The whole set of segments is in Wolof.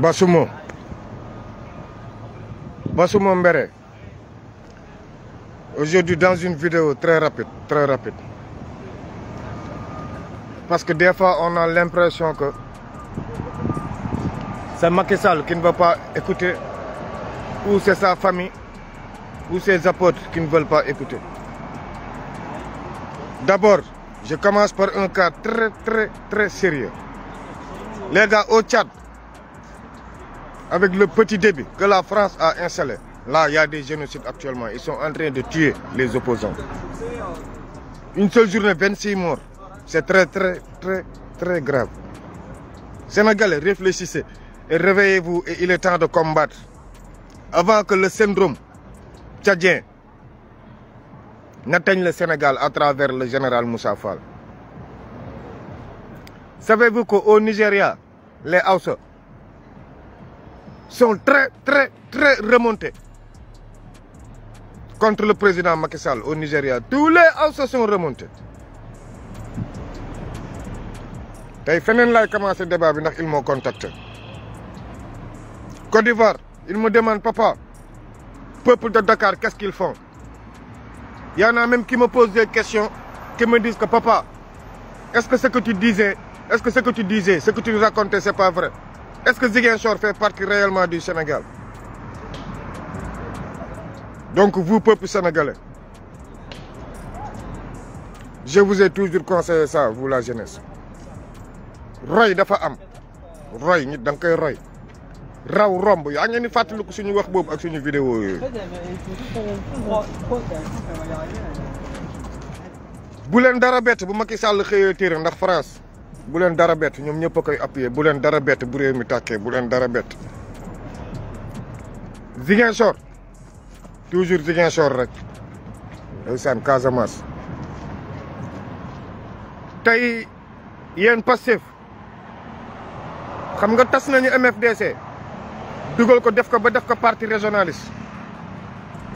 Basumo Basumo Mbere aujourd'hui dans une vidéo très rapide très rapide parce que des fois on a l'impression que c'est Macky qui ne veut pas écouter ou c'est sa famille ou ses apôtres qui ne veulent pas écouter d'abord je commence par un cas très très très sérieux les gars au Tchad avec le petit débit que la France a installé, là, il y a des génocides actuellement. Ils sont en train de tuer les opposants. Une seule journée, 26 morts. C'est très, très, très, très grave. Sénégalais, réfléchissez et réveillez-vous et il est temps de combattre. Avant que le syndrome tchadien n'atteigne le Sénégal à travers le général Moussa Fall. Savez-vous qu'au Nigeria, les hausses sont très, très, très remontés contre le président Macky Sall au Nigeria. Tous les hausses sont remontés. commencé débat ils m'ont contacté Côte d'Ivoire ils me demandent papa peuple de Dakar qu'est-ce qu'ils font Il y en a même qui me posent des questions qui me disent que papa est-ce que ce que tu disais est-ce que ce que tu disais ce que tu nous c'est pas vrai est-ce que Ziguinchor fait partie réellement du Sénégal Donc vous, peuple sénégalais, je vous ai toujours conseillé ça, vous la jeunesse. roy dafa am roy nit roy raw romb ni vidéo vous dara France bu leen dara bett ñoom ñëpp a koy appuyer bu dara bett bu réew mi tàkkee bu dara bett Ziguinchor toujours Ziguinchor rek ndeysaan Casamance tey yéen Pastef xam nga tas nañu MFDC dugal ko def ko ba def ko partie régionaliste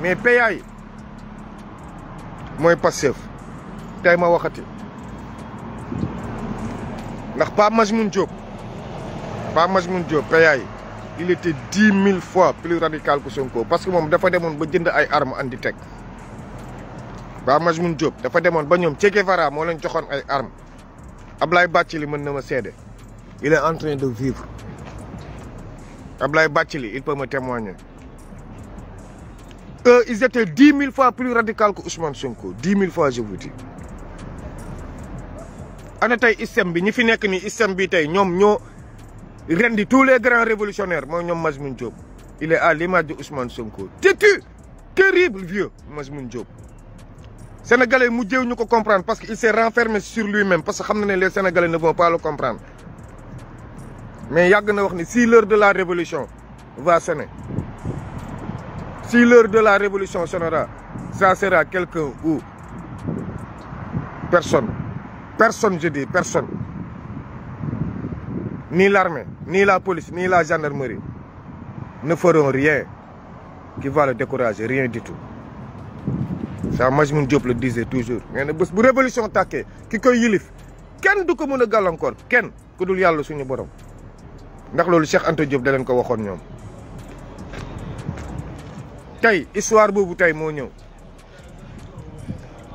mais PA mooy Pastef tey ma waxati pas il était 10 000 fois plus radical que Sonko. Parce que moi, je suis venu à l'arme anti-tech. Je suis venu à l'arme anti-tech. Je suis venu à l'arme anti-tech. Ablaï Bachili m'a aidé. Il est en train de vivre. Ablaï Bachili, il peut me témoigner. Euh, ils étaient 10 000 fois plus radical que Ousmane Sonko. 10 000 fois, je vous dis ana tey dit bi ñi fi bi tous les grands révolutionnaires il est à l'image de Ousmane Sonko têtu terrible vieux Majmoun Diop sénégalais mu jéew ñu comprendre parce qu'il s'est renfermé sur lui-même parce que xam na les sénégalais ne vont pas le comprendre mais yàgg na wax si l'heure de la révolution va sonner si l'heure de la révolution sonnera ça sera quelqu'un ou personne Personne, je dis, personne. Ni l'armée, ni la police, ni la gendarmerie ne feront rien qui va le décourager, rien du tout. Ça, Majmoun Diop le disait toujours. Mais ne la révolution attaquée, qui est yilif, ken du ko mën a encore..? kenn que dul yàlla suñu borom ndax lolu Cheikh Anta Diop da le ko waxoon ñom. Tay, histoire bobu tay mo ñëw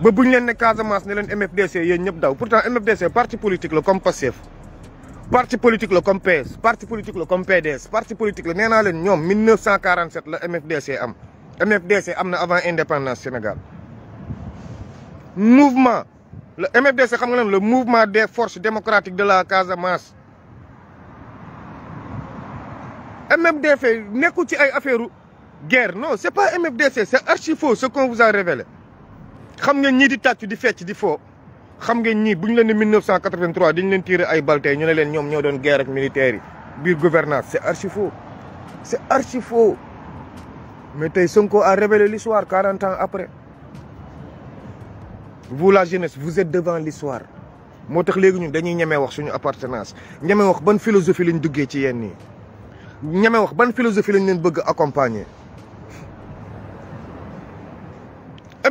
ba vous ñu leen ne Casamance né leen MFDC yéen ñep daw pourtant MFDC parti politique le comme un parti politique le comme parti politique le comme PDS parti politique le nee naa leen ñoom 1947 Le MFDC am MFDC am avant indépendance Sénégal mouvement le MFDC xam nga le mouvement des forces démocratiques de la Casamance MFDC nekku pas ay affaire guerre non c'est pas MFDC c'est archi faux ce qu'on vous a révélé xam nga ñi di di fecc di fo xam 1983 ils leen tirer ay ñu leen guerre militaire c'est archi faux c'est archi faux mais tay Sonko a révélé l'histoire 40 ans après vous la jeunesse vous êtes devant l'histoire Nous tax ñun dañuy wax suñu appartenance wax ban philosophie liñ duggé ci yenn wax ban philosophie lañ leen accompagner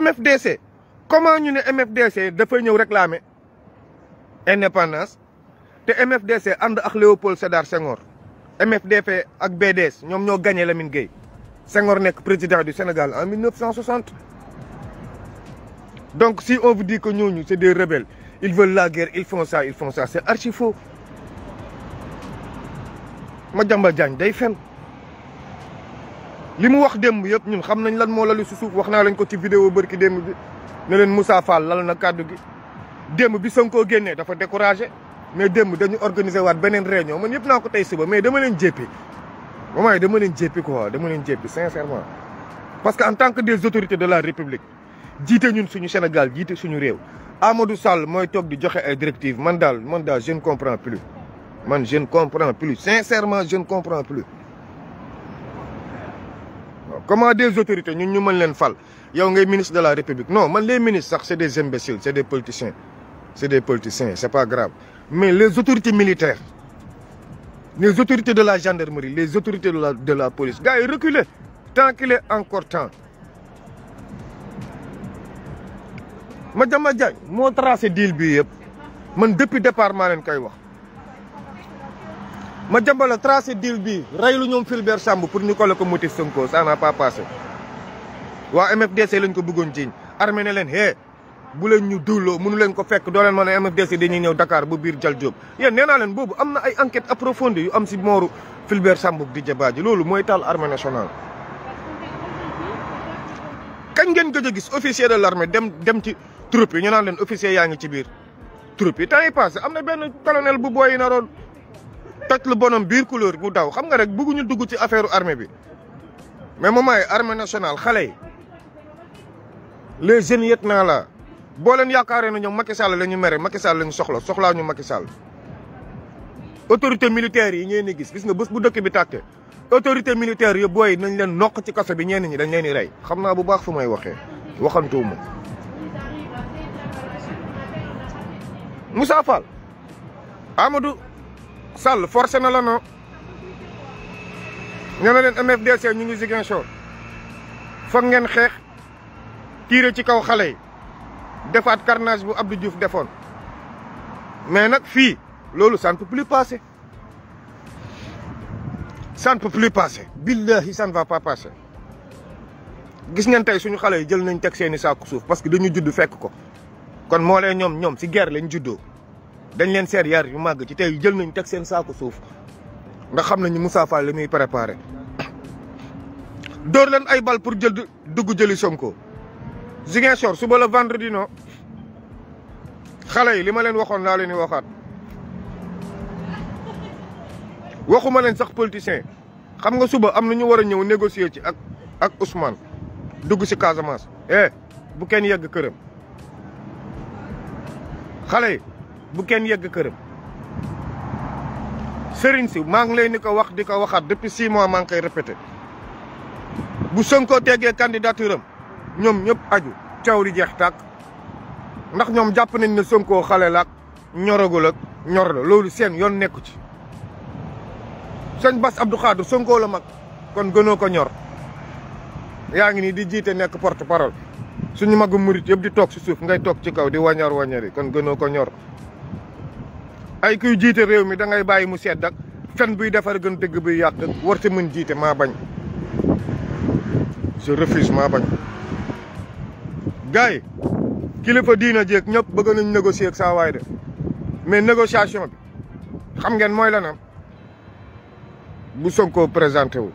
MFDC comment ñu MFDC MFDC dafay ñëw réclamer l'indépendance le MFDC a ak Léopold Sédar Senghor MFDF, ak BDS ñoom ñoo gagné Lamine Gueye Senghor le président du Sénégal en 1960 donc si on vous dit que nous, c'est des rebelles ils veulent la guerre ils font ça ils font ça c'est archi faux Je suis day pas li wax démb yëpp ñun xam nañ lan wax vidéo ne leen Moussa Fall lal na kaddu gi démb bi Sonko génnee dafa découragé mais démb dañu organiser waat benen réunion man yëpp naa ko tey suba mais dama leen jéppi moment dama leen jéppi quoi dama leen jéppi sincèrement parce que en tant que des autorités de la république djité ñun suñu Sénégal djité suñu réew Amadou Sall moy tok di joxe ay directives man dal man daal je ne comprends plus man je ne comprends plus sincèrement je ne comprends plus comment des autorités ñun ñu mën leen fal a ngay ministre de la république non mais les ministres c'est des imbéciles c'est des politiciens c'est des politiciens c'est pas grave mais les autorités militaires les autorités de la gendarmerie les autorités de la de la police gars Reculez... tant qu'il est encore temps Madame Diagne Mon tracé deal Depuis le depuis départ maa leen koy wax Madiambal Le tracé deal bi reylu ñoom filber pour nous coller ko Sonko ça n'a pas passé waa MFDC lañ ko bëggoon jiiñ armée ne leen hee bu leen ñu diwloo munu leen ko fekk doo leen mën a MFDC dañuy ñëw dakaar bu biir Jal Diop yéen nee naa leen boobu am na ay enquête approfondie yu am si mooru Fulbert Sambou di jabaaji loolu mooy taal armée nationale kañ ngeen gëj a gis officier de l'armée dem dem ci troupe yi ñu naan leen officier yaa ngi ci biir troupe yi temps yi passé am na benn colonel bu booy naroon toj lu bonam biir couleur bu daw xam nga rek bëgguñu dugg ci affaire armée bi mais moment yi armée xale yi les jeunes yet naa la boo leen yaakaaree na ñoom Macky Sall la ñu mere Macky Sall la soxla soxlaa ñu Macky Sall autorité militaire yi ngeen di gis gis nga bés bu dëkk bi tàkkee autorité militaire yi booy nañ leen nokk ci kaso bi ñenn ñi dañ leen rey xam na bu baax fu may waxe waxantuwuma Moussa Fall Amadou Sall forcé na la non ñoo ne leen MFDC ñu ngi Ziguinchor foog ngeen xeex tiré ci kaw xalé yi defaat carnage bu Abdou Diouf defone mais nak fi loolu ça ne peut plus passer ça ne peut plus passer billahi ça ne va pas passer gis ngeen tay suñu xalé jël nañ tek seeni sa kusuf parce que dañu judd fekk ko kon mo lay ñom ñom si guerre lañ juddo dañ leen ser yar yu mag ci tay jël nañ tek seen sa kusuf nga xam nañu Moussa Fall li préparer dor leen ay bal pour jël duggu jëli Sonko Ziguinchor suba la vendredi non xale yi li ma leen waxoon laa leen di waxaat waxuma leen sax politicien xam nga suba am na ñu war a ñëw négocier ci ak ak Ousmane dugg si Casamance. eh bu kenn yegg këram xale yi bu kenn yegg këram sëriñ si maa ngi leen di ko wax di ko waxaat depuis six mois maa ngi koy répété bu Sonko tegee candidature am. ñoom ñëpp aju caw di jeex tàkk ndax ñoom jàpp nañ ne Sonko xale la ak ñoragul ak ñor la loolu seen yoon nekku ci sëñ bas Abdou Khadre Sonko la mag kon gënoo ko ñor yaa ngi nii di jiite nekk porte parole suñu magu murit yëpp di toog si ngay toog ci kaw di wañar wañar yi kon gënoo ko ñor ay kuy jiite réew mi dangay bàyyi mu sedd ak fen buy defar gën dëgg buy yàq war te mën jiite maa bañ je refuse maa bañ gars yi kilifa diina jéeg ñëpp bëgg nañ négocier ak saa waay de mais négociation bi xam ngeen mooy la naan bu Sonko présenté wu.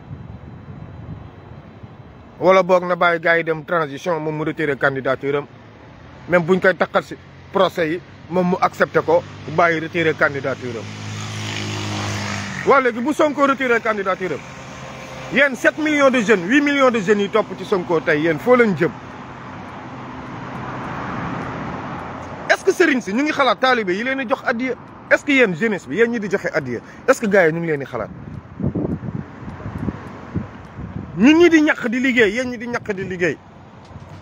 wala boog na bàyyi gars yi dem transition moom mu retiré candidature am même buñ koy takkal si procès yi moom mu accepté ko bàyyi retiré candidature am. waa léegi bu Sonko retiré candidature am yéen 7 millions de jeunes 8 millions de jeunes yi topp ci Sonko tey yéen foo leen jëm. sëriñ si ñu ngi xalaat taalibe yi leen di jox addiya est-ce que yéen jeunesse bi yéen ñi di joxe addiya est-ce que gars yi ñu ngi leen di xalaat ñun ñi di ñàq di liggéey yéen ñi di ñàq di liggéey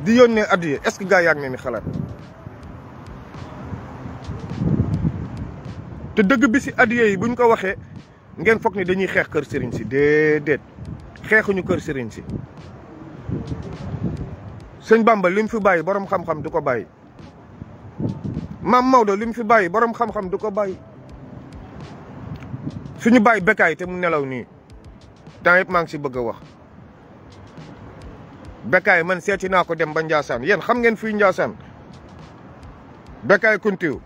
di yónnee addiya est-ce que gars yaa ngi leen xalaat te dëgg bi si addiya yi buñ ko waxee ngeen foog ni dañuy xeex kër sëriñ si déedéet xeexuñu kër sëriñ si sëñ Bamba lim fi bàyyi borom xam-xam du ko bàyyi. maam Maodo li mu fi bàyyi borom xam-xam du ko bàyyi ñu bàyyi bekkaay te mu nelaw nii temps yëpp maa ngi si bëgg a wax. bekkaay man seeti naa ko dem ba Ndiassane yéen xam ngeen fi Ndiassane bekkaay kuntiw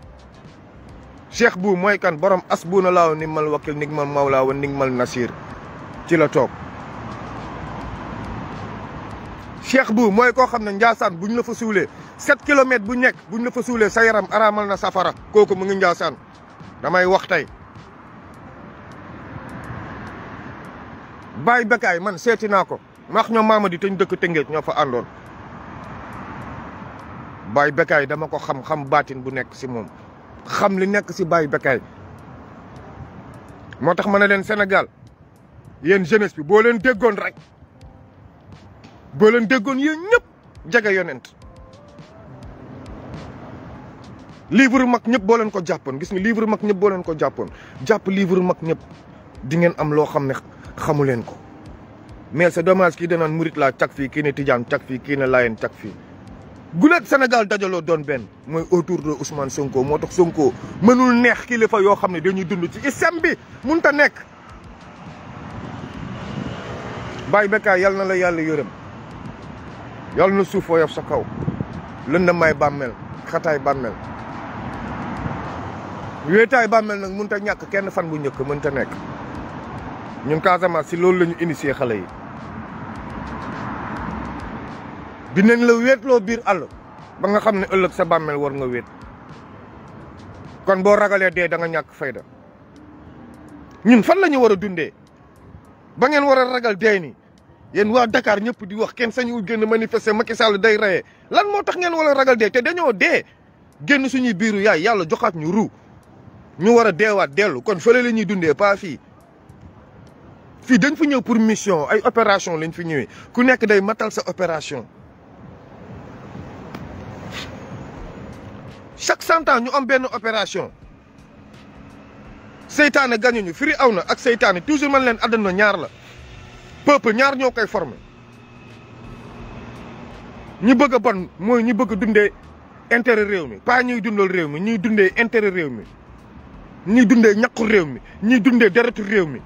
cheikh bu mooy kan borom as buuna laaw ni mal wakil nig mal mawlaa wa nig mal nasir ci la toog. Cheikh Bou mooy koo xam ne Ndiassane bu ñu la fa suulee 7 kilomètres bu nekk bu ñu la fa suulee sa yaram araamal na safara kooku mu ngi Ndiassane damay wax tey. Baye Bakaay man seeti naa ko maax maama di te ñu dëkk Tëngéej ñoo fa àndoon Baye Bakaay dama ko xam xam baatin bu nekk si moom xam li nekk si Baye Bakaay moo tax ma ne leen Sénégal yéen jeunesse bi boo leen déggoon rek. boo leen déggoon yéen ñëpp jege yonent livre mag ñëpp boo leen ko jàppoon gis nga livre mag ñëpp boo leen ko jàppoon jàpp livre mag ñëpp di ngeen am loo xam ne xamu leen ko mais c'est dommage kii danaan murit laa cag fii kii ne tijaan cag fii kii ne laayeen cag fii guleet senegal dajaloo doon benn mooy autour de Ousmane Sonko moo tax Sonko mënul neex kilifa yoo xam ne dañuy dund ci isem bi mënut a nekk. Baye Beka yàlla na la yàlla yërëm. yàlla na suuf sa kaw lën na may bàmmeel xataay bàmmeel wéetaay bammel nag mënut a ñàkk kenn fan bu njëkk mënut a nekk ñun Casamance si loolu la ñu initié xale yi dinañ la wéetloo biir àll ba nga xam ne ëllëg sa bàmmeel war nga wéet kon boo ragalee dee da nga ñàkk fayda ñun fan la war a dundee ba ngeen war a ragal dee nii Yen wa Dakar ñepp di wax ken sañu génn manifester Macky Sall day ray lan moo tax ngeen wala ragal dee te dañu dé génn suñu biiru yaay yalla joxat ñu ru ñu wara a deewaat dellu kon fële lañu dundé pa fi fi dañ fi ñew pour mission ay opération lañ fi ñewé ku nekk day matal sa opération chaque cent ans ñu am ben opération gañu ñu firi awna ak seytane toujours man leen adana ñaar la peuple ñaar ñoo kay formé ñi bëgg a bon mooy ñi bëgg a dundee intérêt réew mi paa ñuy dundal réew mi ñuy dundee intérêt réew mi ñuy dundee ñaqu réew mi ñuy dundee deretu réew mi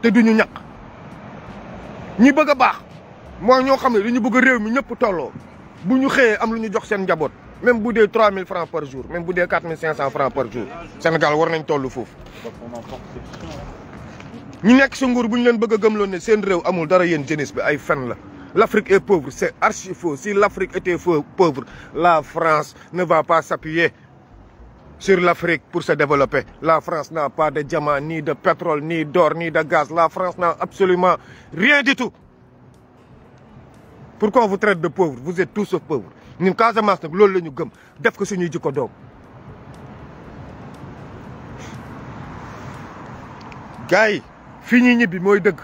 te du ñu ñaq ñi bëgg a baax mooy ñoo xam ne ñu bëgg réew mi ñëpp tolloo bu ñu xëyee am lu ñu jox seen njaboot même bu dee mille francs par jour même bu dee 4500 francs par jour Sénégal war nañ toll foofu l'Afrique est pauvre c'est archi faux si l'Afrique était pauvre la France ne va pas s'appuyer sur l'Afrique pour se développer la France n'a pas de diamants, ni de pétrole ni d'or ni de gaz la France n'a absolument rien du tout pourquoi on vous traite de pauvre vous êtes tous pauvres Nous sommes tous loolu gens. fii ñuy ñibbi mooy dëgg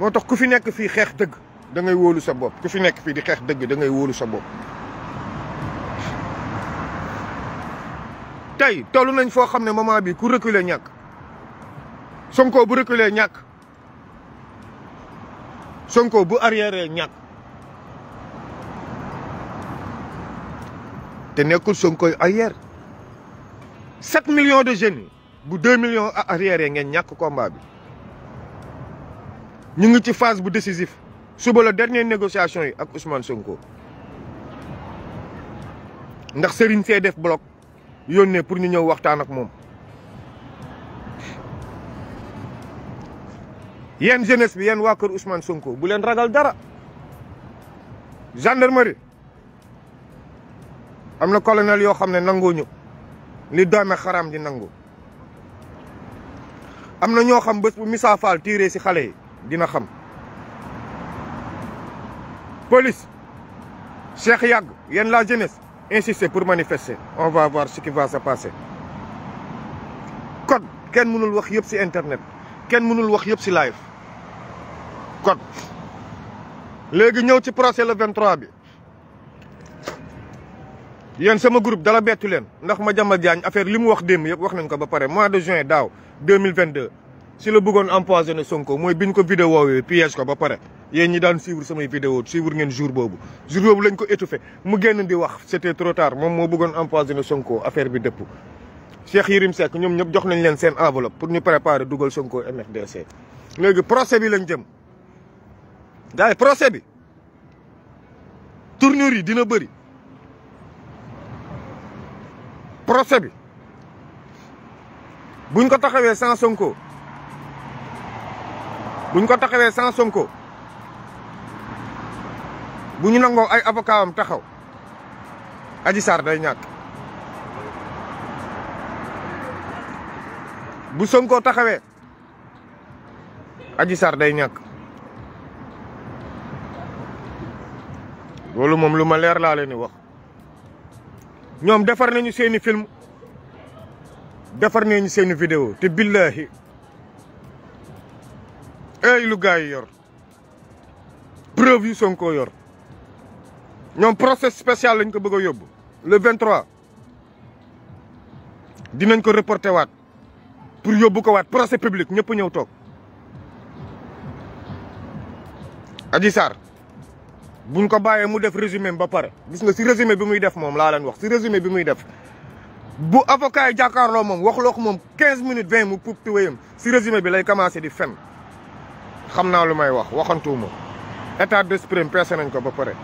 moo tax ku fi nekk fii xeex dëgg dangay ngay wóolu sa bopp ku fi nekk fii di xeex dëgg dangay ngay wóolu sa bopp. tey tollu nañ foo xam ne moment bi ku reculer ñàkk Sonko bu reculer ñàkk Sonko bu arrière ñàkk te nekkul Sonkoy arrière set millions de jeunes bu deux a arrière ngeen ñàkk combat bi. Nous sommes ci phase décisive... décisif suba la dernière négociation avec Ousmane Sonko def bloc pour nous ak jeunesse bi Ousmane Sonko bu len ragal dara gendarmerie Amna colonel yo ne ñu li doome xaram di nango. Amna ño xam dina xam police Cheikh Yag yéen la jeunesse insistez pour manifester on va voir ce qui va se passer code ne mënul wax yeb ci internet ken mënul wax yeb ci live code légui ñew ci procès le 23 bi un sama groupe dala bettu len ndax ma jàmmal affaire limu wax dem yeb wax nañ ko mois de juin 2022 si la bëggoon empoisonné Sonko moy biñ ko vidéo wowe piège ko ba paré yéen ñi daan suivre samay vidéo suivre ngeen jour bobu jour bobu lañ ko étouffé mu génn di wax c'était trop tard mom mo bëggoon empoisonné Sonko affaire bi depp Cheikh yirim Seck ñom ñep jox nañ leen seen enveloppe pour ñu préparer dougal Sonko MFDC légui procès bi lañ jëm gars procès bi tournure yi dina bëri procès bi buñ ko taxawé sans Sonko buñ ko taxawé sans Sonko bu nango ay avocatam taxaw aji sar day ñak bu Sonko taxawé aji sar day ñak loolu mom luma leer la leni wax ñom défar nañu seeni film défar nañu seeni vidéo te billahi ay lu gars yi yor preuve yu Sonko yor ñom procès spécial lañ ko bëgg a yóbbu le 23 dinañ ko reporter waat pour yóbbu ko waat procès public ñëpp ñëw tok Adji sar buñ ko bayé mu def résumé ba paré gis nga ci résumé bi muy def mom la lañ wax ci résumé bi muy def bu avocat yi mom wax waxuloo ko moom 15 minutes 20 mu puub tuwéyam ci résumé bi lay commencer di fen xam naa lu may wax waxantuwuma état d'esprit peese nañ ko ba pare.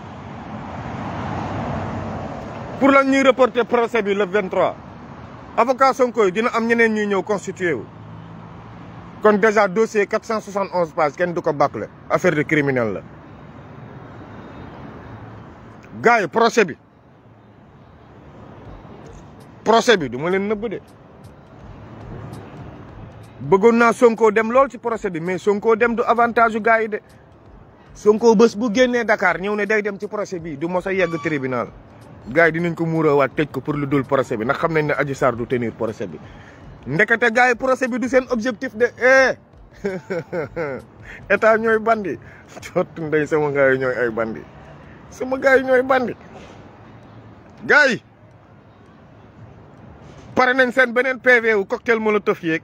pour lan ñuy reporter procès bi le 23 avocat Sonko yi dina am ñeneen ñuy ñëw constitué wu. kon déjà dossier 471 pages kenn du ko bâcler affaire de criminel la. gars yi procès bi procès bi duma leen nëbb de. bëggon na Sonko dem lol ci procès bi mais Sonko dem du avantage guide, gars bus de Sonko bëss bu génné Dakar ñew né day dem ci procès bi du mossa yegg tribunal guide yi dinañ ko wat tëj ko pour lu dul procès bi nak xam nañ ne Adji sar du tenir procès bi ndekete gaay procès bi du sen objectif de eh eta ñoy bandi jot ndey sama gaay ñoy ay bandi sama gaay ñoy bandi gaay paré nensen nañ sen benen PV wu cocktail molotov yeeg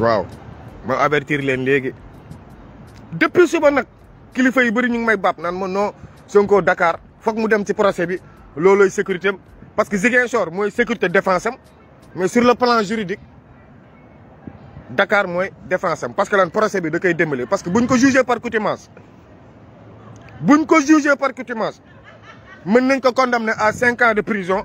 waaw ma avertir leen léegi depuis suba nag kilifa yu bëri ñu ngi may bab naan ma non Sonko Dakar foog mu dem ci procès bi loolooy sécurité am parce que Ziguinchor mooy sécurité défense am mais sur le plan juridique Dakar mooy défense am parce que lan procès bi da koy démbalee parce que buñ ko jugé par contumace buñ ko jugé par contumace mën nañ ko condamné à cinq ans de prison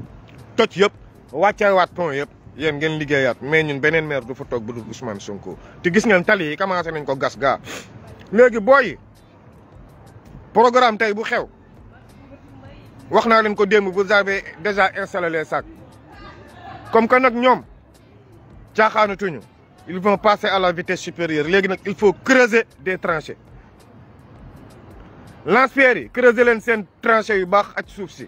toj yëpp wàcceewaat pont yëpp yéen ngeen liggéeyaat mais ñun benen maire du fa tok bu Ousmane Sonko te gis ngeen tali commencé nañ ko gas gaa léegi boy programme tay bu xew waxna naa leen ko démb vous avez déjà installé les sacs comme que nak ñom tiaxanu tuñu ils vont passer à la vitesse supérieure léegi nak il faut creuser des tranchées lance-pierre creuser leen sen tranchées yu bax ak suuf si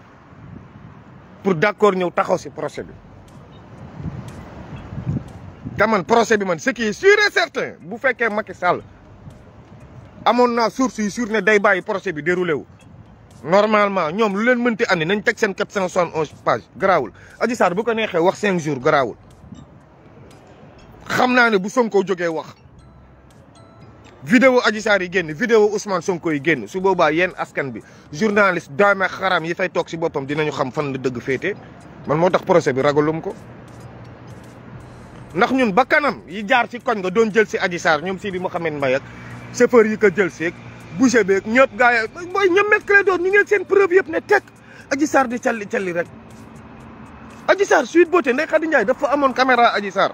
pour d'accord ñeu taxaw ci procès bi te man procès bi man ce qui est sûr et certain bu fekkee Macky Sall amoon na source yu sûr ne day baye procès bi déroulé wu. normalement ñom lu leen mënti andi nañ tek sen 471 pages grawul Adji Sarr bu ko nexé wax 5 jours grawul xamna né bu Sonko joggé wax. vidéo Adji Sarr yi génn vidéo Ousmane Sonko yi génn su boobaa yéen askan bi journaliste daame xaram yi fay toog si boppam dinañu xam fan la dëgg féete man moo tax projet bi ragalum ko ndax ñun ba kanam yi jaar ci koñ nga doon jël si Adji Sarr ñoom Sidi Mouhamed Mbaye ak chauffeur yi ko jël seeg boucher beeg ñëpp gaa yi booy ñoom mercredi doon ñu ngeen seen preuve yëpp ne teg Adji Sarr di calli calli rek Adji Sarr Sweet Beauté Ndeye Khady Ndiaye dafa amoon caméra Adji Sarr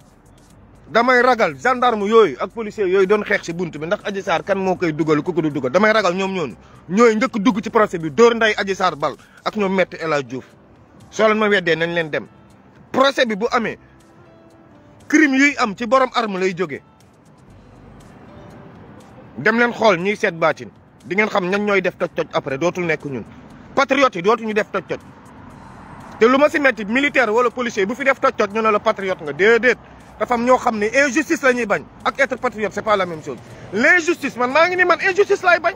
damay ragal gendarme yooyu ak policier yooyu doon xeex si bunt bi ndax Adji saar kan moo koy dugal ko du dugal damay ragal ñoom ñoonu ñooyu njëkk dugg ci procès bi dóor nday Adji Sarr bal ak ñoom Maître El Hadji Diouf soo leen ma weddee nañ leen dem procès bi bu amee crime yuy am ci borom arme lay jógee dem leen xool ñiy seet baatin di ngeen xam ñan ñooy def toj-toj après dootul nekk ñun patriotes yi dootuñu def toj-toj te lu ma si metti militaire wala policier bu fi def toj-toj ñu ne la patriote nga déedéet La am ñoo xam ne injustice la ñuy bañ ak être patriote c'est pas la même chose l'injustice man maa ni man injustice lay bañ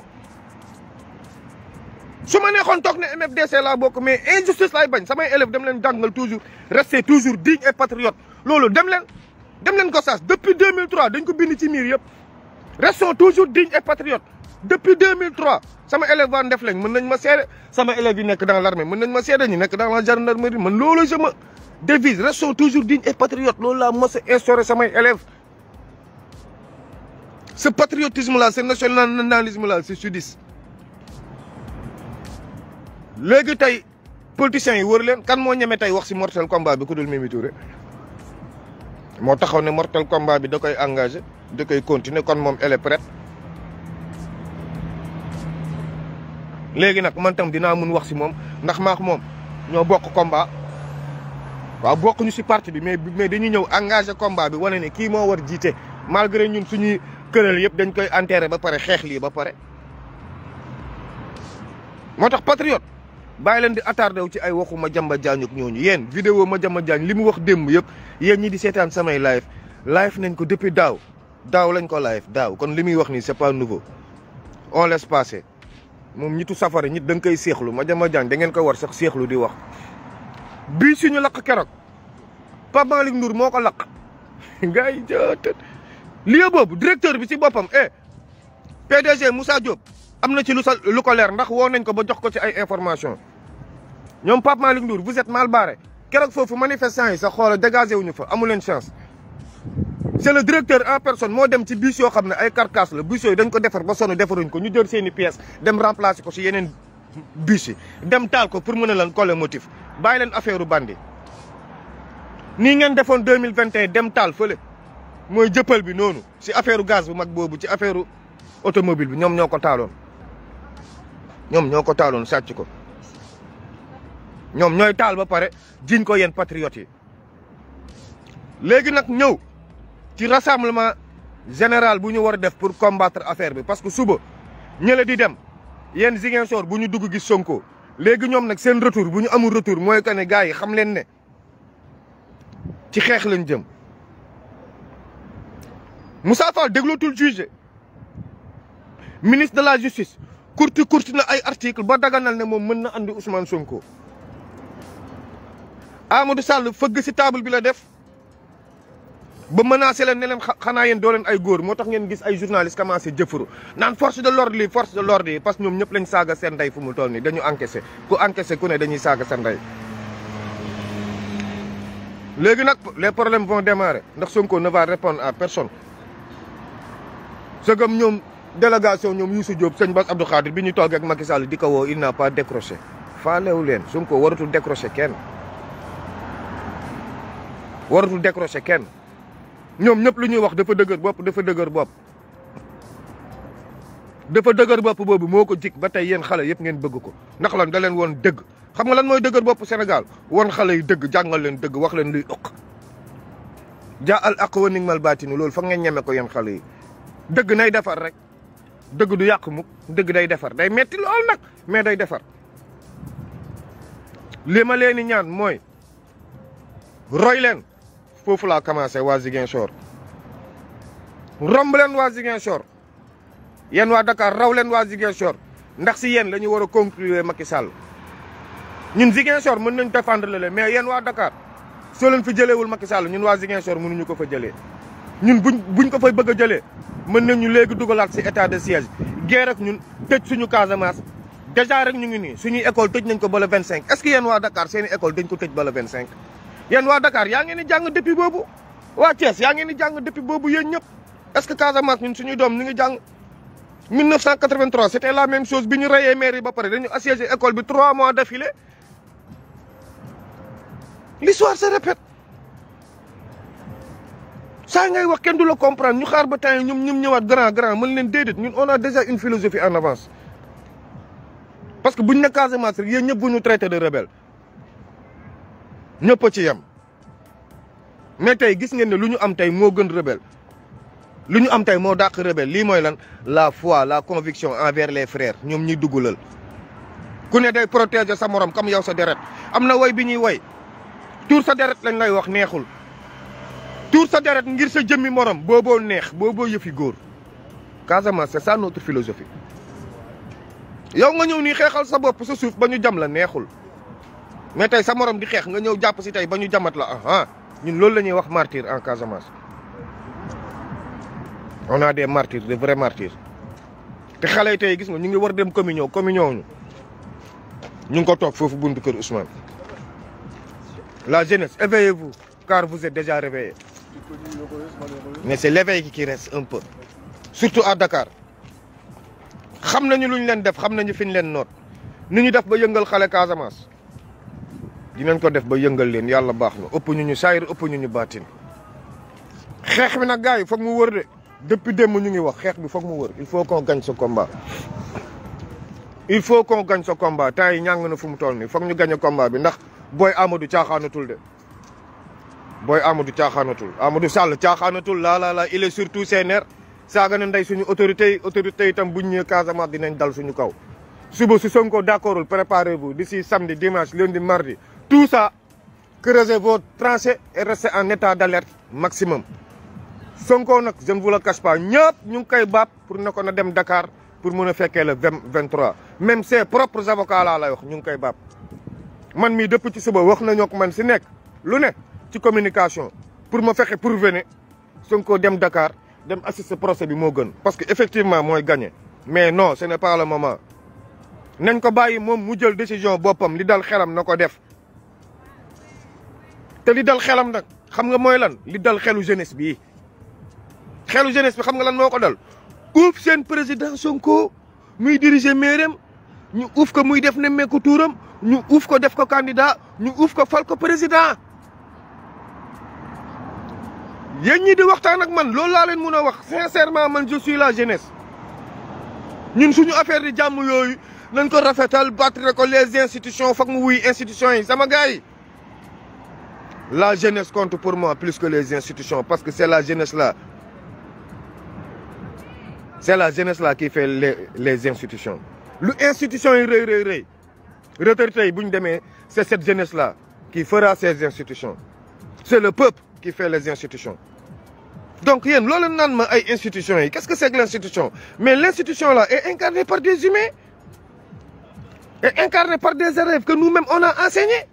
suma ma tok toog ne MFDC la bokk mais injustice lay bañ sama élèves dem len dangal toujours rester toujours digne et patriote lolu dem len dem leen Gossas depuis 2003 dañ ko bind ci miir yëpp restons toujours digne et patriotes depuis 2003 sama élève def Ndefleng mën nañ ma sédé sama élèves yi nekk dans l'armée mën nañ ma sédé ni nekk dans la gendarmerie man lolu je me devise restons toujours dignes et patriotes loolu laa mos a instauré samay élèves ce patriotisme là ce nationalisme là c'est sudiste léegi tey politiciens yi wër leen kan moo ñeme tey wax si mortel combat bi ku dul Mimi Touré moo taxaw ne mortel combat bi da koy engagé da koy continuer kon moom elle est prête léegi nag man tam dinaa mun wax si moom ndax maax moom ñoo bokk combat waaw bokkuñu si parti bi mais mais dañuy ñëw engagé combat bi wane ne kii moo war jiite malgré ñun suñuy këral yëpp dañ koy enterré ba pare xeex lii ba pare. moo tax patriote bàyyi leen di attardé wu ci ay waxu Madiambal Diagne ak ñooñu yéen vidéo Madiambal Diagne li mu wax démb yëpp yéen ñi di seetaan samay live live nañ ko depuis daaw daaw lañ ko live daaw kon li muy wax nii c'est pas nouveau on laisse passer moom ñitu safara ñit da nga koy seexlu Madiambal Diagne da ngeen koy war sax seexlu di wax. bii suñu lakk le Pape Malik Ndour moko directeur bi ci le PDG Moussa Diop amna ci lu lu ko ndax ko ba information Pape Malik Ndour vous êtes mal barré kérok fofu manifestant yi sa xol dégagé wuñu fa chance C'est le directeur en personne qui dem ci bus ay carcasse le bus dañ ko défer ba sonu ko ñu jël seeni dem remplacer ko ci yenen bus yi pour motif bàyyi len affaireu bandi ni ngeen defone 2021 dem tal fele moy jeppal bi nonu si affaireu gaz bu mag bobu ci affaireu automobile bi ñom ñoko talon ñom ñoko talon satch ko ñom ñoy tal ba pare jiñ ko yeen patriote yi léegi nag ñëw ci rassemblement général bu ñu war def pour combattre affaire bi parce que suba ñele di dem yéen zigensor bu ñu dugg gis Sonko léegi ñoom nag seen retour bu ñu amul retour mooy que ne gars xam leen ne ci xeex lañ jëm Moussa Fall déglootul juge ministre de la justice kurti kurti na ay article ba daganal ne moom mën na andi Ousmane Sonko Amadou Sall fëgg si table bi la def ba menacé leen ne leen xanaa yéen doo leen ay góor moo tax ngeen gis ay journalistes commencé jëfuru naan force de l'ordre lii force de l'ordre yi parce que ñoom ñëpp lañ saaga seen ndey fu mu toll nii dañu encaissé ku encaissé ku ne dañuy saaga seen ndey. léegi nag les problème vont démarrer ndax Sonko ne va répondre à personne sëgam ñoom délégation ñoom Youssou Diop sëñ Bass Abdou Khadir bi ñu toogee ak Macky Sall di ko woo il n'a pas décroché faalewu leen Sonko waratul décroché kenn waratul décroché kenn. ñoom ñëpp lu ñuy wax dafa dëgër bopp dafa dëgër bopp. dafa dëgër bopp boobu moo ko jik ba tey yéen xale yëpp ngeen bëgg ko ndax lan da leen woon dëgg xam nga lan mooy dëgër bopp Sénégal woon xale yi dëgg jàngal leen dëgg wax leen luy ëq jaa al aq wa nigmal baatinu loolu fa ngeen ñeme ko yéen xale yi dëgg nay defar rek dëgg du yàq mukk dëgg day defar day metti lool nag mais day defar li ma leen di ñaan mooy roy leen foofu laa commencé waa Ziguinchor romb leen waa Ziguinchor yéen waa Dakar raw leen waa Ziguinchor ndax si yéen la ñu war a conclure Macky Sall ñun Ziguinchor mën nañ défendre le mais yéen waa Dakar soo fu fi jëleewul Macky Sall ñun waa Ziguinchor mënuñu ko fa jëlee ñun buñ buñ ko fay bëgg a jëlee mën nañ ñu léegi dugalaat si état de siège guerre ak ñun tëj suñu Casamance déjà rek ñu ngi nii suñuy école tëj nañ ko ba le 25 est-ce que yéen waa Dakar seeni école dañ ko tëj ba le 25. yéen waa Dakar yaa ngeen di jàng depuis boobu waa Thiès yaa ngeen di jàng depuis boobu yéen ñëpp est-ce que Casamance ñun suñuy doom ñu ngi jàng 1983 c'était la même chose bi ñu reyee maire yi ba pare dañu assiégé école bi trois mois d'affilée l'histoire se répète saa ngay wax kenn du la comprendre ñu xaar ba temps ñu ñum ñëwaat grand grand mën leen déedéet ñun on a déjà une philosophie en avance parce que buñ ne Casamance rek yéen ñëpp bu ñu traité de rebelle ñëpp ci yam mais tay gis ngeen ne luñu am tay mo gën rebel luñu am tay mo dàq rebel li moy lan la foi la conviction envers les frères ñoom ñuy duggalal ku ne day protéger sa morom comme yow sa deret amna way woy bi ñuy woy tuur sa deret lañ lay wax neexul tour sa deret ngir sa jëmmi morom booboo neex booboo yëfi goor Casamance c'est ça notre philosophie yow nga ñëw ni xéxal sa bop sa suuf bañu jam la neexul mais tey sa moroom di xeex nga ñëw jàpp si tey ba ñu jamat la ah, ah ñun loolu la ñuy wax martyr en Casamance on a des martyrs de vrais martyrs te xale yi tey gis nga ñu ngi war dem communion communion ñu ngi ko toog foofu buntu kër Ousmane la jeunesse éveillez-vous car vous êtes déjà réveillés mais c'est l'éveil qui reste un peu surtout à Dakar xam nañu lu ñu leen def xam nañu fi ñu leen noot nu ñu def ba yëngal xale Casamance dinañ ko def ba yëngal leen yàlla baax na ëpp ñu ñu saayir ëpp ñu ñu baatin xeex bi nag gars yi foog mu wër de depuis démb ñu ngi wax xeex bi foog mu wër il faut ko gagne ce combat il faut qu'on gagne ce combat temps yi ñàng na fu mu toll nii foog ñu gagne combat bi ndax booy Amadou caaxaanatul de booy Amadou caaxaanatul Amadou Sall caaxaanatul laa laa laa il est surtout seen nerf saaga na ndey suñu autorité yi autorité itam buñ ñëwee Casamance dinañ dal suñu kaw suba su Sonko d'accordul préparez-vous d'ici tout ça, creusez vos tranchées et restez en état d'alerte maximum. Sonko je ne vous le cache pas nous ñu ngi koy pour nous ko Dakar pour nous faire le 23, même ses propres avocats nous sont wax ñu ngi koy baab. man mii depuis ci suba wax nañoo ko man si nekk lu ne communication pour venir fexe pour venir. Sonko dem Dakar pour assister procès de moo parce qu'effectivement, effectivement mooy gagné mais non ce n'est pas le moment Nous ko bàyyi moom décision pour li dal xelam te li dal xelam nag xam nga mooy lan li dal xelu jeunesse bi xelu jeunesse bi xam nga lan moo ko dal uuf seen président Sonko muy diriger maireem ñu uuf ko muy def nemmeeku tuuram ñu uuf ko def ko kandidaa ñu uuf ko fal ko président yéen ñi di waxtaan ak man loolu laa leen mun a wax sincèrement man je suis la jeunesse ñun suñu affaire di jàmm yooyu nan ko rafetal battre ko les institutions foog mu wuy institutions yi sama gars yi La jeunesse compte pour moi plus que les institutions parce que c'est la jeunesse-là. C'est la jeunesse-là qui fait les, institutions. L'institution c'est cette jeunesse-là qui fera ces institutions. C'est le peuple qui fait les institutions. Donc, institution. Qu'est-ce que c'est que l'institution Mais l'institution là est incarnée par des humains. Est incarnée par des rêves que nous-mêmes on a enseignés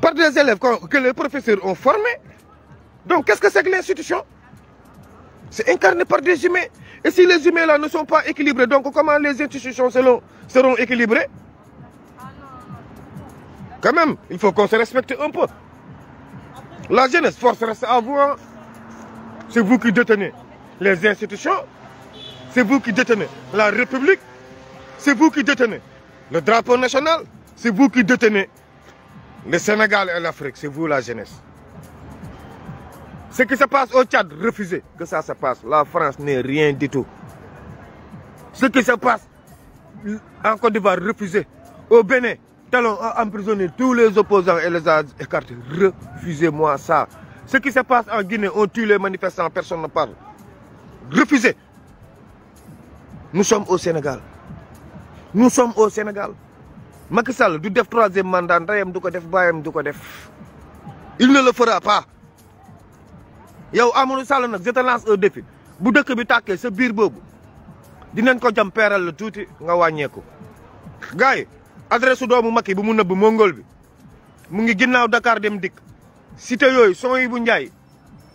par des élèves que les professeurs ont formés. Donc qu'est-ce que c'est que l'institution C'est incarné par des humains. Et si les humains là ne sont pas équilibrés, donc comment les institutions seront, équilibrées Quand même, il faut qu'on se respecte un peu. La jeunesse, force reste à vous. Hein. C'est vous qui détenez les institutions. C'est vous qui détenez la République. C'est vous qui détenez le drapeau national. C'est vous qui détenez le Sénégal et l'Afrique, c'est vous la jeunesse. Ce qui se passe au Tchad, refusez que ça se passe. La France n'est rien du tout. Ce qui se passe en Côte d'Ivoire, refusez. Au Bénin, Talon a emprisonné tous les opposants et les a écartés. Refusez-moi ça. Ce qui se passe en Guinée, on tue les manifestants, personne ne parle. Refusez. Nous sommes au Sénégal. Nous sommes au Sénégal. Macky Sall du def 3e mandat ndayam du ko def bayem du ko def il ne le fera pas yow Amadou Sall nak je te lance un défi bu dekk bi také sa bir boobu dinañ ko jam péral le touti nga wàññeeku. gars yi adresse doomu Macky bu mu neub mongol bi mu ngi ginnaw Dakar dem dik. cité yoy son yi bu Ndiaye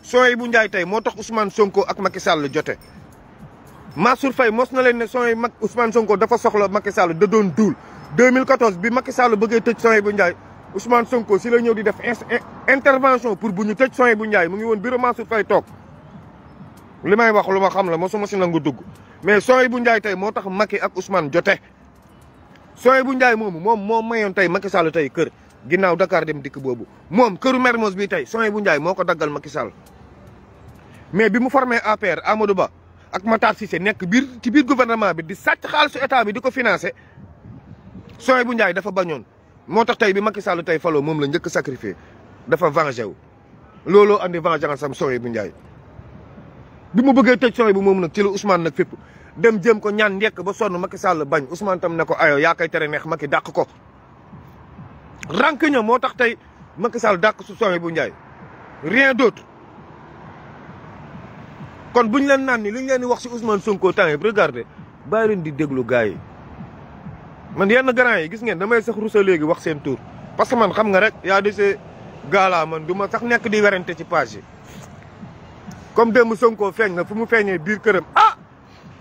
son yi bu Ndiaye tay moo tax Ousmane Sonko ak Macky Sall jote. Mansour Faye mos na ne son yi Ousmane Sonko dafa soxlo Macky Sall da doon doul 2014 bi Macky Sall tejj tëj Souhaïbou Ndiaye Ousmane Sonko si la ñëw di def intervention pour buñu tejj tëj Souhaïbou Ndiaye mu ngi won bureau Mansour Faye tok limay wax luma xam la mosuma si nga dugg mais Souhaïbou Ndiaye tey moo tax Macky ak Ousmane joté jote Souhaïbou Ndiaye mom mom mo mayon tay Macky Sall tay kër ginnaw Dakar dem dik bobu mom këru Mermoz bi tey Souhaïbou Ndiaye moo ko daggal Macky Sall mais bi mu formé APR Amadou Ba ak Matar Cissé nek biir ci biir gouvernement bi di sàcc xaalisu état bi di ko financé soy bu Ndiaye dafa bañoon motax tay bi Macky Sall tay falo mom la ñëk sacrifier dafa vengé wu lolo andi vengeance sam soy bu Ndiaye bi mu bëggee tëj sooy bu mom nak ci lu Ousmane nak fep dem jëm ko ñaan ndek ba sonu Macky Sall bañ Ousmane tam nako ko ayo ya kay téré neex Macky dakk ko rancune motax tay Macky Sall dakk su soy bu Ndiaye rien d'autre kon buñ leen nan ni li leen wax ci Ousmane Sonko regardez di déglu gaay man yenn grand yi gis ngeen damay sax rusa léegi wax seen tur parce que man xam nga rek yaa di see man du ma sax nekk di werante ci page yi comme démb Sonko feeñ na fu mu feeñee biir këram ah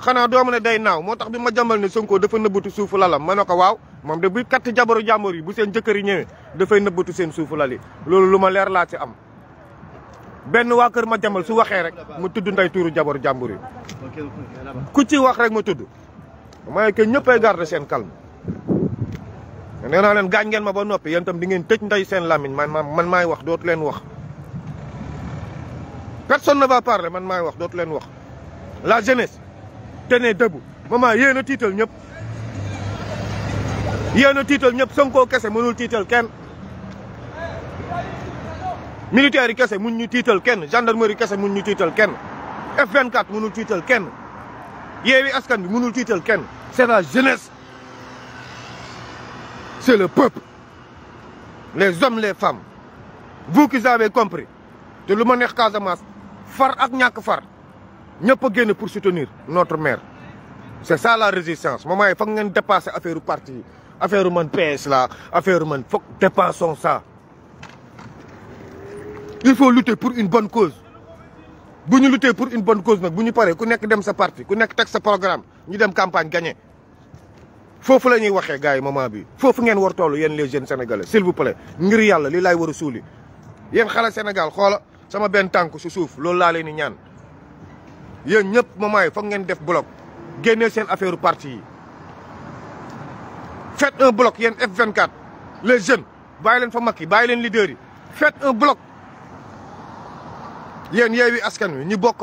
xanaa doomu ne day naaw moo tax bi ma jàmbal ne Sonko dafa nëbbatu suufu lalam ma ne ko waaw moom de buy katt jabaru jàmbur yi bu seen jëkkër yi ñëwee dafay nëbbatu seen suufu lal loolu lu ma leer laa ci am benn waa kër ma jàmbal su waxee rek mu tudd tuuru jabaru jàmbur yi ku ci wax rek ma tudd mooy que ñëppay garder seen calme nee naa leen gaañ ngeen ma ba nopi yentam tam di ngeen tëj ndey sen lamine man man may wax dot len wax personne ne va parler man may wax dot len wax la jeunesse tenez debout mama yeena a ñep yeena yéen ñep tiital ñëpp Sonko kese mënul titel kenn militaire yi kese ñu tiital kenn gendarmerie kese mun ñu tiital kenn F24 mënul tiital kenn yewi Askan bi mënul tiital kenn c'est la jeunesse c'est le peuple. Les hommes, les femmes. Vous qui avez compris. De le monnaie Casamance, far ak ñak far. ñëpp pas pour soutenir notre mère. C'est ça la résistance. Maman, il faut que vous dépasser l'affaire du parti. Affaire du PS là, du... man, faut que dépassons ça. Il faut lutter pour une bonne cause. Si nous luttons pour une bonne cause, nous parlons, nous sommes parti, nous sommes sa programme, nous sommes campagne gagnée. foofu la ñuy waxee gars yi moment bi foofu ngeen war toll yéen les jeunes sénégalais s'il vous plaît ngir yàlla lii laay war a suuli yéen xale Sénégal xool sama benn tànk su suuf loolu laa ni ñaan yéen ñëpp moment yi foog ngeen def bloc génnee seen affaire parti yi faites un bloc yéen F24 les jeunes bàyyi leen fa mag yi bàyyi leen li yi faites un bloc yen yeewi askan wi ñu bokk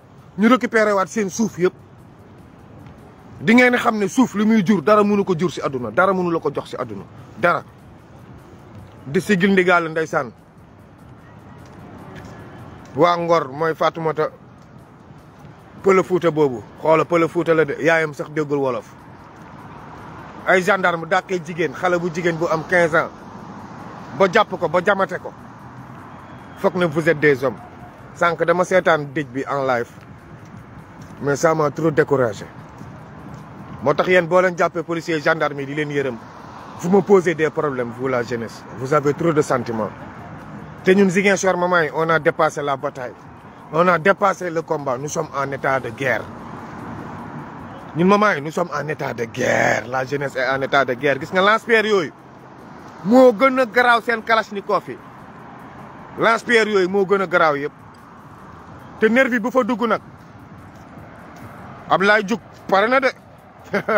ñu pere waat seen suuf yëpp di ngeen xam ne suuf lu muy jur dara mënu ko jur si àdduna dara mënu la ko jox si àdduna dara di si gil ndigaal ndeysaan waa Ngor mooy Fatoumata pël Fuuta boobu xoola pël la de yaayam sax déggul wolof ay gendarme dàqee jigéen xale bu jigéen bu am 15 ans ba jàpp ko ba jamate ko foog ne vous êtes des hommes sànq dama seetaan dëj bi en live mais ça m'a trop découragé Je tax yéen boo et policiers gendarmes vous me posez des problèmes vous la jeunesse vous avez trop de sentiments Nous ñun on a dépassé la bataille on a dépassé le combat nous sommes en état de guerre nous sommes en état de guerre la jeunesse est en état de guerre Qu'est-ce que pierre yooyu moo gën a garaaw c'est kalachnikov yi lance-pierre yooyu de gën nervi bu fa dugg Ablaye Diouf pare na de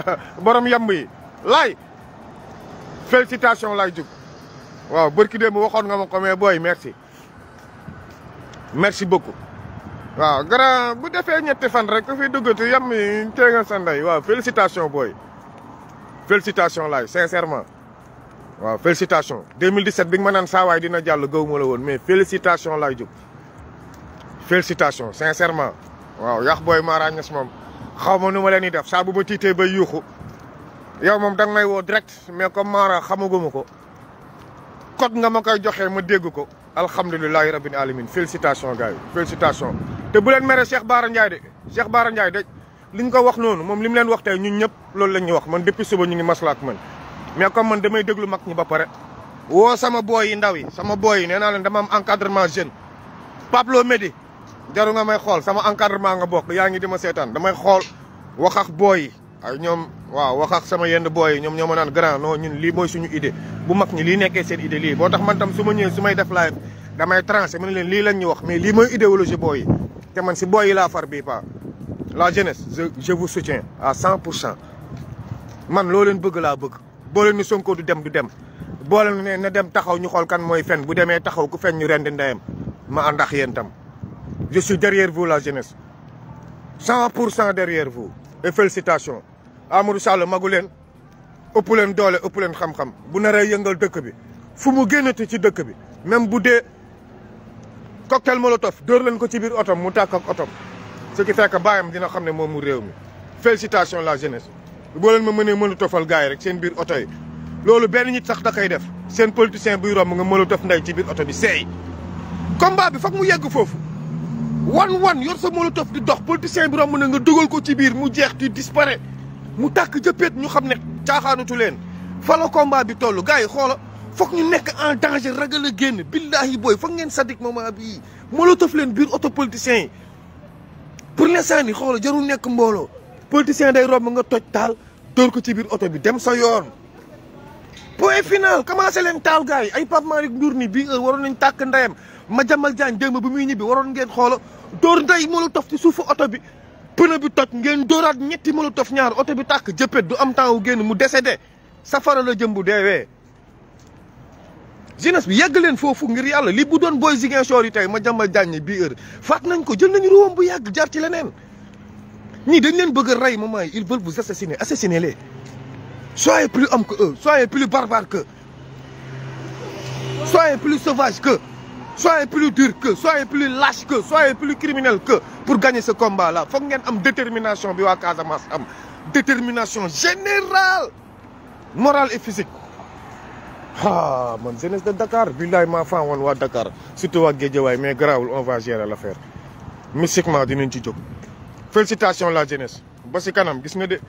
borom yamb lay laay félicitation laay Diouf waaw bërki démb waxoon nga ma ko mais booy merci merci beaucoup waaw gara bu defee ñetti fan rek ku fi duggati yam yi tee nga sa ndey waaw félicitation booy félicitation laay sincèrement waaw félicitation 2017 bi nga ma naan saawaay dina jàll gaw ma la woon mais félicitation lay Diouf félicitation sincèrement waaw yax booy maaraañes moom xaw ma nu ma leen di def saa bu ma tiitee ba yuuxu yow moom danga may woo direct mais comme Mara xamaguma ko kot nga ma koy joxee ma dégg ko alhamdulilahi rabbil alamin félicitation gars yi félicitation te bu leen mere Cheikh Bara Ndiaye de Cheikh Bara Ndiaye de li ñu ko wax noonu moom li mu leen wax tey ñun ñëpp loolu la ñuy wax man depuis suba ñu ngi maslaak man mais comme man damay déglu mag ñi ba pare woo sama booy yi ndaw yi sama booy yi nee naa leen dama am encadrement jeune Pablo Medi jaru nga may xool sama encadrement nga bokk yaa ngi di ma seetaan damay xool wax ak booy ay ñoom waaw wax ak sama yenn booy ñoom ñoo ma naan grand non ñun lii mooy suñu idée bu mag ñi lii nekkee seen idée lii boo tax man tam su ma ñëwee su may def live damay tranché ma ne leen lii lañ ñu wax mais lii mooy idéologie booy yi te man si booy laa far bii pas la jeunesse je je vous soutiens à cent pour cent man loo leen bëgg laa bëgg boo leen ni Sonko du dem du dem boo leen ne na dem taxaw ñu xool kan mooy fen bu demee taxaw ku fen ñu rend ndeyam ma ànd yéen tam. Je suis derrière vous, la jeunesse. 100% derrière vous. Et félicitations. Amadou Sall Magoulen, leen ëpp leen doole ëpp leen xam-xam bu naree yëngal dëkk bi fu mu ci bi même bu dee cocktail molotov dóor leen ko ci biir otom mu tàkk ak otom ce qui fait que Bayam dina xam ne moom mu félicitations la jeunesse boo leen ma mënee molotofal gars yi rek seen biir oto yi loolu ben nit sax da def sen politicien bu romb nga molotov nday ci biir auto bi seey combat bi foog mu yegg fofu wan wan yor sa molotov di dox politicien bi romb na nga dugal ko ci biir mu jeex di disparaît mu tàkk jëppeet ñu xam ne caaxaanutu leen fa la combat bi toll gars yi xoola foog ñu nekk en danger ragal a génn billaahi booy foog ngeen sa sadik moment bii molotov leen biir auto politicien yi pour l'instant ni xoola jarul nekk mbooloo politicien day romb nga toj taal dóor ko ci biir oto bi dem sa yoon point final commencé leen taal gars yi ay Pape Malick Ndour ni bii heure nañ tàkk ndeyam maja Diagne démb bi muy ñibi waron ngeen xoola molotov ci suufu auto bi pneu bi tok ngeen dorat ñetti molotov ñaar auto bi tak du am temps wu genn mu décédé safara la jëm bu déwé jeunesse bi yegg leen ngir yalla li bu doon Je yi Diagne bi heure fat nañ ko jël nañ ruwam bu jar ci ils veulent vous assassiner assassiner les soyez plus homme que soyez plus barbare que soyez plus sauvage que soyez plus dur que soyez plus lâche que soyez plus criminel que pour gagner ce combat là Faut ngeen am détermination bi waa Casamance am détermination générale morale et physique. ah mon jeunesse de Dakar billaay ma femme on voit Dakar surtout waa Guédiawaye mais grave, on va gérer l'affaire. affaire mystiquement dinañ ci jóg. félicitations la jeunesse ba si kanam gis nga de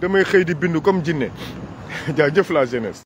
damay xëy di bindous comme Djinné. jaajëf la jeunesse.